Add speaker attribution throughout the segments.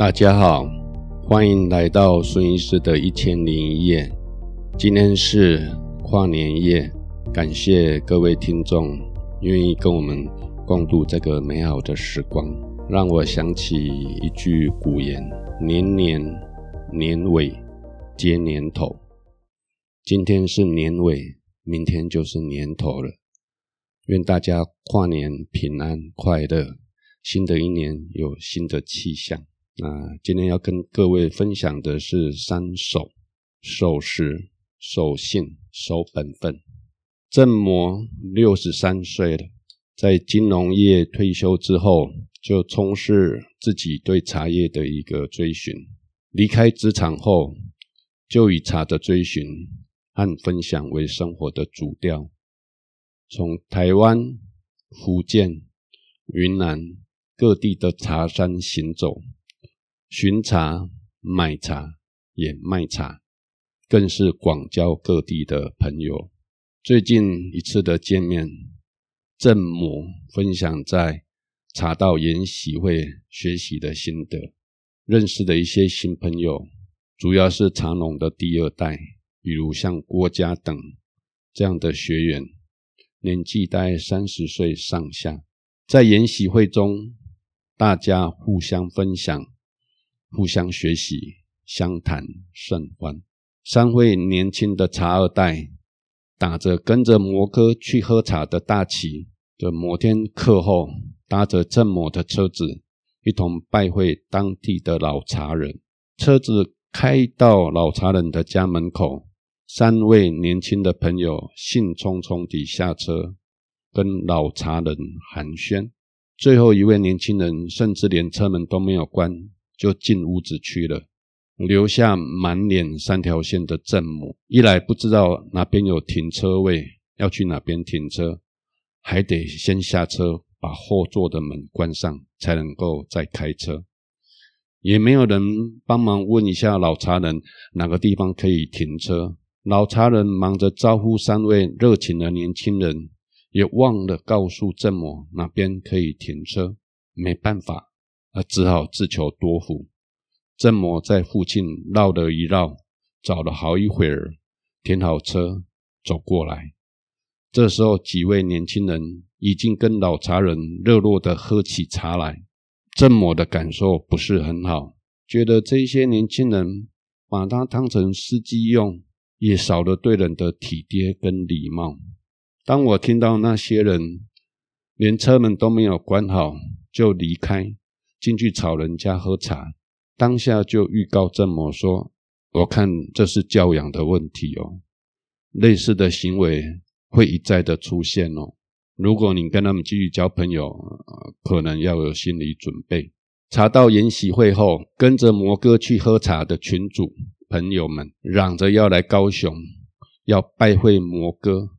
Speaker 1: 大家好，歡迎來到孫醫師的一千零一夜。今天是跨年夜，感謝各位聽眾願意跟我們共度這個美好的時光。讓我想起一句古言：“年年年尾接年頭。”今天是年尾，明天就是年頭了。願大家跨年平安快樂，新的一年有新的氣象。那今天要跟各位分享的是三守：守時、守信、守本分。鄭謀六十三歲了，在金融業退休之後，就從事自己對茶葉的一個追尋。離開職場後，就以茶的追尋和分享為生活的主調，從台灣、福建、雲南各地的茶山行走。尋茶、買茶、也賣茶，更是廣交各地的朋友。最近一次的見面，鄭謀分享在茶道研習會學習的心得，認識的一些新朋友，主要是茶農的第二代，比如像郭嘉等這樣的學員，年紀在三十歲上下。在研習會中，大家互相分享。互相學習，相談甚歡。三位年輕的茶二代，打着跟着謀哥去喝茶的大旗，的某天課後，搭着鄭謀的車子，一同拜會當地的老茶人。車子開到老茶人的家門口，三位年輕的朋友興沖沖地下車，跟老茶人寒暄。最後一位年輕人，甚至連車門都沒有關就進屋子去了，留下滿臉三條線的鄭母。一來不知道哪邊有停車位，要去哪邊停車，還得先下車把後座的門關上，才能夠再開車。也沒有人幫忙問一下老茶人哪個地方可以停車。老茶人忙着招呼三位熱情的年輕人，也忘了告訴鄭母哪邊可以停車。沒辦法。啊，只好自求多福。鄭謀在附近繞了一繞，找了好一會兒，停好車走過來。這時候，幾位年輕人已經跟老茶人熱絡地喝起茶來。鄭謀的感受不是很好，覺得這些年輕人把他當成司機用，也少了對人的體貼跟禮貌。當我聽到那些人連車門都沒有關好，就離開，進去吵人家喝茶，當下就預告鄭謀說：“我看這是教養的問題哦，類似的行為會一再的出現哦。如果你跟他們繼續交朋友，可能要有心理準備。”茶道研習會後，跟着謀哥去喝茶的群主朋友們，嚷着要來高雄，要拜會謀哥，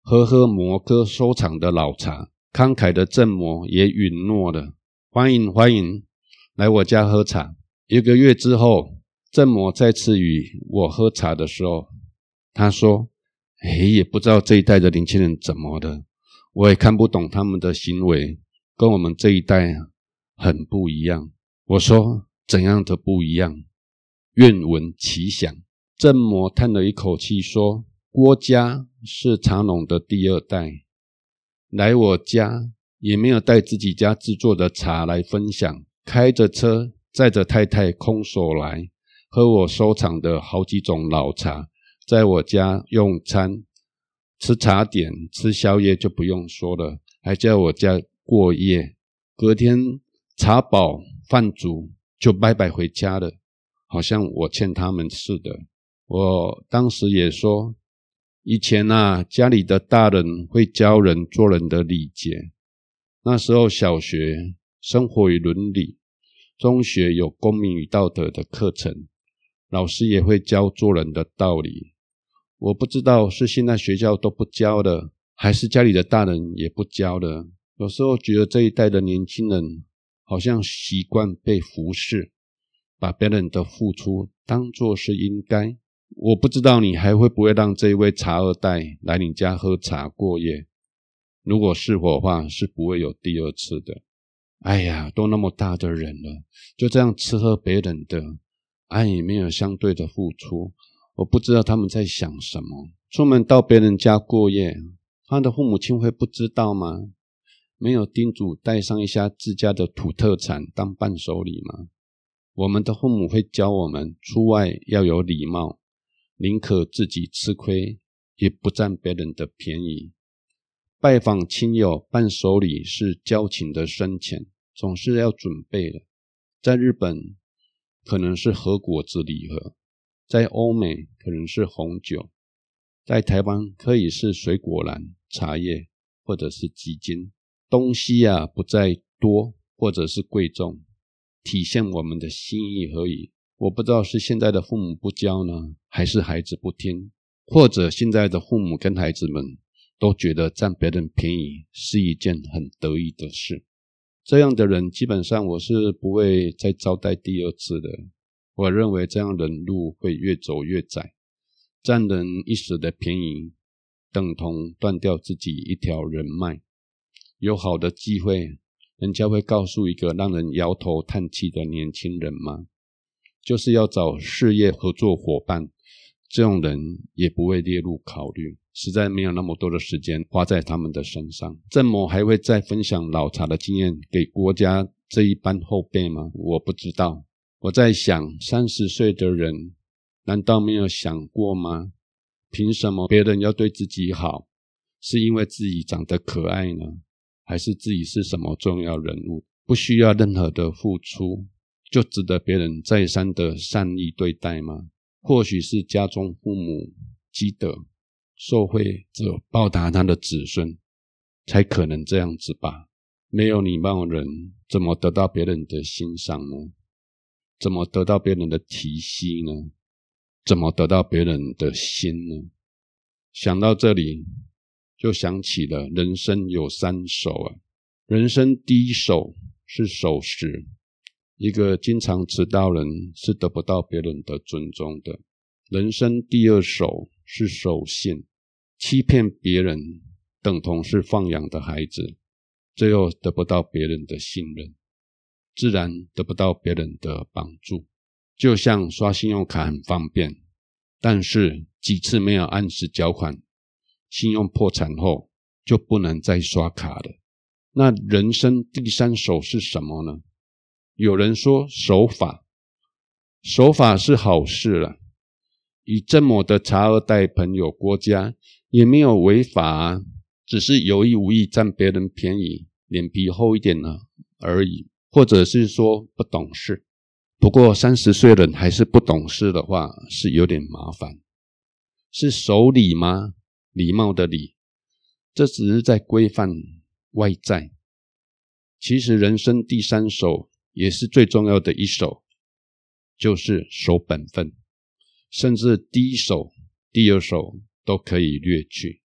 Speaker 1: 喝喝謀哥收藏的老茶。慷慨的鄭謀也允諾了。歡迎歡迎，來我家喝茶。一個月之後，鄭謀再次與我喝茶的時候，他說：“哎，也不知道這一代的年輕人怎麼的，我也看不懂他們的行為，跟我們這一代很不一樣。”我說：“怎樣的不一樣？願聞其詳。”鄭謀嘆了一口氣說：“郭家是茶農的第二代，來我家。”也沒有帶自己家製作的茶來分享，開着車載着太太空手來，喝我收藏的好幾種老茶，在我家用餐、吃茶點、吃宵夜就不用說了，還在我家過夜。隔天茶飽飯足就拜拜回家了，好像我欠他們似的。我當時也說，以前吶、啊，家裡的大人會教人做人的禮節。那時候小學生活與倫理，中學有公民與道德的課程，老師也會教做人的道理。我不知道是現在學校都不教了，還是家裡的大人也不教了。有時候覺得這一代的年輕人好像習慣被服侍，把別人的付出當作是應該。我不知道你還會不會讓這一位茶二代來你家喝茶過夜。如果是我的話，是不會有第二次的。哎呀，都那麼大的人了，就這樣吃喝別人的，哎也沒有相對的付出。我不知道他們在想什麼。出門到別人家過夜，他的父母親會不知道嗎？沒有叮囑帶上一下自家的土特產當伴手禮嗎？我們的父母會教我們出外要有禮貌，寧可自己吃虧，也不占別人的便宜。拜訪親友伴手禮是交情的深淺，總是要準備的。在日本可能是和果子禮盒，在歐美可能是紅酒，在台灣可以是水果籃、茶葉或者是雞精。東西呀、啊，不在多或者是貴重，體現我們的心意而已。我不知道是現在的父母不教呢，還是孩子不聽，或者現在的父母跟孩子們。都覺得佔別人便宜是一件很得意的事，這樣的人基本上我是不會再招待第二次的。我認為這樣的人路會越走越窄，佔人一時的便宜，等同斷掉自己一條人脈。有好的機會，人家會告訴一個讓人搖頭嘆氣的年輕人嗎？就是要找事業合作夥伴，這種人也不會列入考慮。實在沒有那麼多的時間花在他們的身上。鄭謀還會再分享老茶的經驗給郭家這一班後輩嗎？我不知道。我在想，三十歲的人難道沒有想過嗎？憑什麼別人要對自己好？是因為自己長得可愛呢？還是自己是什麼重要人物？不需要任何的付出，就值得別人再三的善意對待嗎？或許是家中父母積德。受惠者報答他的子孫，才可能這樣子吧？沒有禮貌的人，怎麼得到別人的欣賞呢？怎麼得到別人的提攜呢？怎麼得到別人的心呢？想到這裡，就想起了人生有三守啊。人生第一守是守時，一個經常遲到的人是得不到別人的尊重的。人生第二守是守信。欺騙別人等同是放養的孩子，最後得不到別人的信任，自然得不到別人的幫助。就像刷信用卡很方便，但是幾次沒有按時繳款，信用破產後就不能再刷卡了。那人生第三守是什麼呢？有人說守法，守法是好事了、啊。以鄭謀的茶二代朋友郭家，也沒有違法，只是有意無意占別人便宜，臉皮厚一點呢而已，或者是說不懂事。不過三十歲人還是不懂事的話，是有點麻煩。是守禮嗎？禮貌的禮，這只是在規範外在。其實人生第三守，也是最重要的一守，就是守本分，甚至第一守、第二守。都可以略去，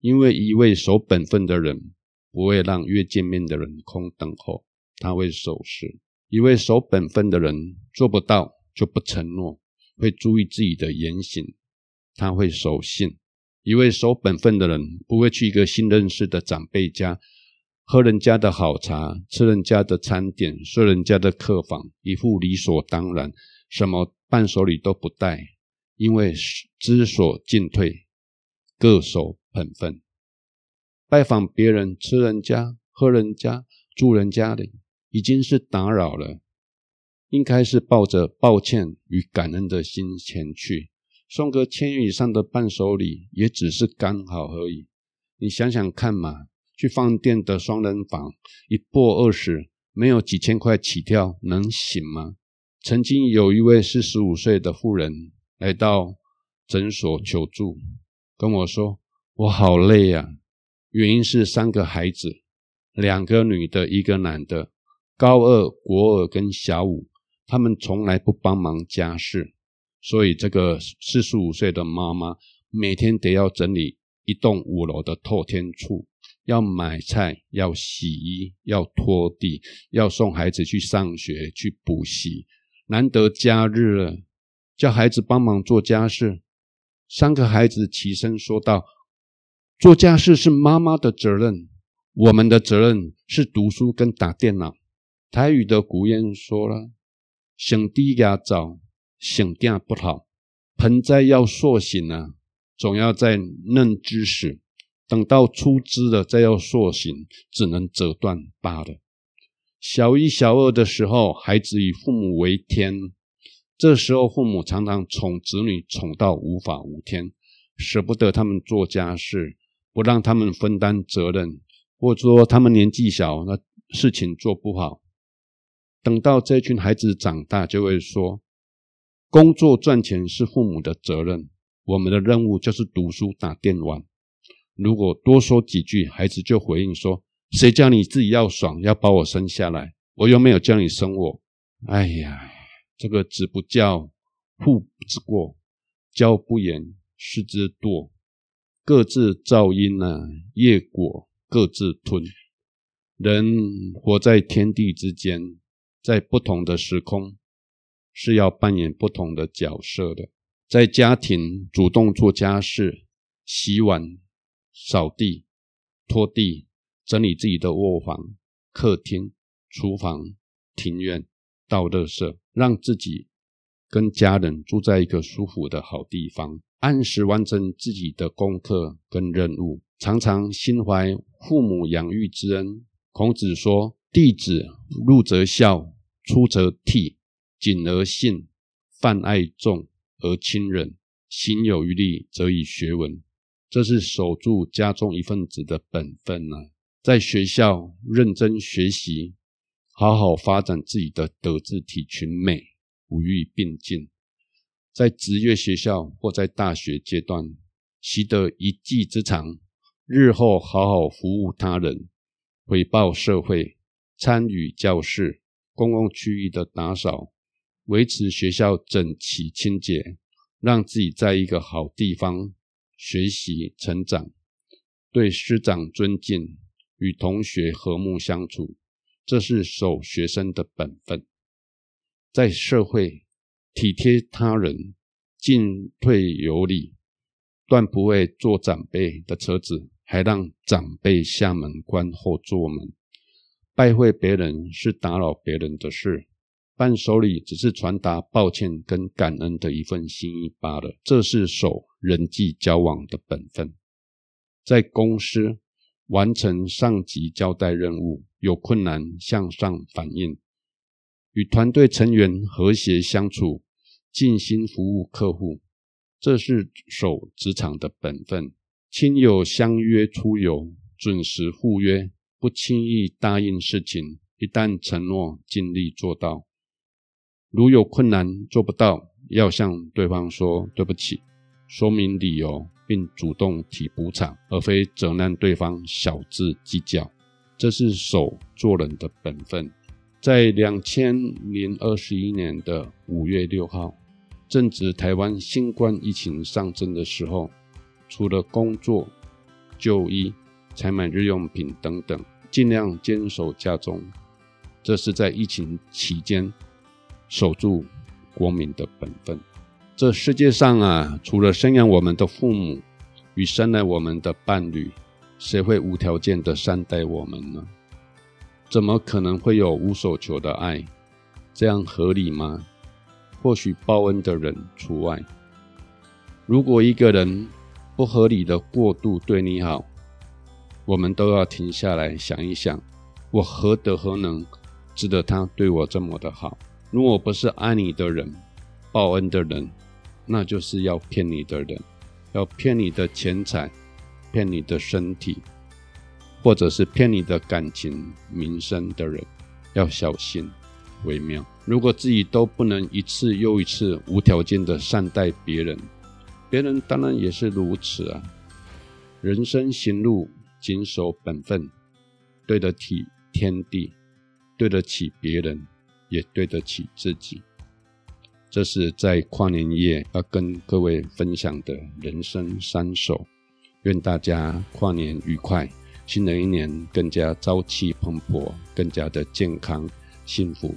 Speaker 1: 因為一位守本分的人不會讓約見面的人空等候，他會守時。一位守本分的人做不到就不承諾，會注意自己的言行，他會守信。一位守本分的人不會去一個新認識的長輩家喝人家的好茶、吃人家的餐點、睡人家的客房，一副理所當然，什麼伴手禮都不帶，因為知所進退。恪守本分，拜訪別人，吃人家、喝人家、住人家裡，已經是打擾了。應該是抱着抱歉與感恩的心前去，送個千元以上的伴手禮，也只是剛好而已。你想想看嘛，去飯店的雙人房，一泊二食，沒有幾千塊起跳，能行嗎？曾經有一位四十五歲的婦人來到診所求助。跟我說，我好累啊！原因是三個孩子，兩個女的，一個男的，高二、國二跟小五，他們從來不幫忙家事，所以這個四十五歲的媽媽每天得要整理一棟五樓的透天厝，要買菜，要洗衣，要拖地，要送孩子去上學、去補習。難得假日了，叫孩子幫忙做家事。三個孩子齊聲說道：“做家事是媽媽的責任，我們的責任是讀書跟打電腦。”台語的古諺說了：“省地芽早，省根不好；盆栽要塑形啊，總要在嫩枝時，等到出枝了再要塑形，只能折斷罷了。”小一、小二的時候，孩子以父母為天。這時候，父母常常寵子女寵到無法無天，捨不得他們做家事，不讓他們分擔責任，或者說他們年紀小，那事情做不好。等到這群孩子長大，就會說，工作賺錢是父母的責任，我們的任務就是讀書打電玩。如果多說幾句，孩子就回應說：“誰叫你自己要爽，要把我生下來？我又沒有叫你生我。”哎呀。這個子不教，父之過；教不嚴，師之惰。各自造因啊，業果各自吞。人活在天地之間，在不同的時空，是要扮演不同的角色的。在家庭，主動做家事，洗碗、掃地、拖地、整理自己的臥房、客廳、廚房、庭院。到樂舍，讓自己跟家人住在一個舒服的好地方，按時完成自己的功課跟任務，常常心懷父母養育之恩。孔子說：“弟子入則孝，出則悌，謹而信，泛愛眾而親仁，行有餘力，則以學文。”這是守住家中一份子的本分呢、啊。在學校認真學習。好好發展自己的德智體群美五育並進，在職業學校或在大學階段習得一技之長，日後好好服務他人，回報社會，參與教室、公共區域的打掃，維持學校整齊清潔，讓自己在一個好地方學習成長。對師長尊敬，與同學和睦相處。這是守學生的本分，在社會體貼他人，進退有禮，斷不會坐長輩的車子，還讓長輩下門關後座門。拜會別人是打擾別人的事，伴手禮只是傳達抱歉跟感恩的一份心意罷了。這是守人際交往的本分，在公司完成上級交代任務，有困難向上反映，與團隊成員和諧相處，盡心服務客戶，這是守職場的本分。親友相約出遊，準時赴約，不輕易答應事情，一旦承諾盡力做到。如有困難做不到，要向對方說對不起，說明理由，並主動提補償，而非責難對方小氣計較。這是守做人的本分。在兩千零二十一年的五月六號，正值台灣新冠疫情上升的時候，除了工作、就醫、採買日用品等等，盡量堅守家中。這是在疫情期間守住國民的本分。這世界上啊，除了生養我們的父母，與生養我們的伴侶。誰會無條件的善待我們呢？怎麼可能會有無所求的愛？這樣合理嗎？或許報恩的人除外。如果一個人不合理的過度對你好，我們都要停下來想一想，我何德何能，值得他對我這麼的好？如果不是愛你的人，報恩的人，那就是要騙你的人，要騙你的錢財。騙你的身體，或者是騙你的感情、名聲的人，要小心為妙。如果自己都不能一次又一次無條件的善待別人，別人當然也是如此啊。人生行路，謹守本分，對得起天地，對得起別人，也對得起自己。這是在跨年夜要跟各位分享的人生三守。願大家跨年愉快，新的一年更加朝氣蓬勃，更加的健康幸福。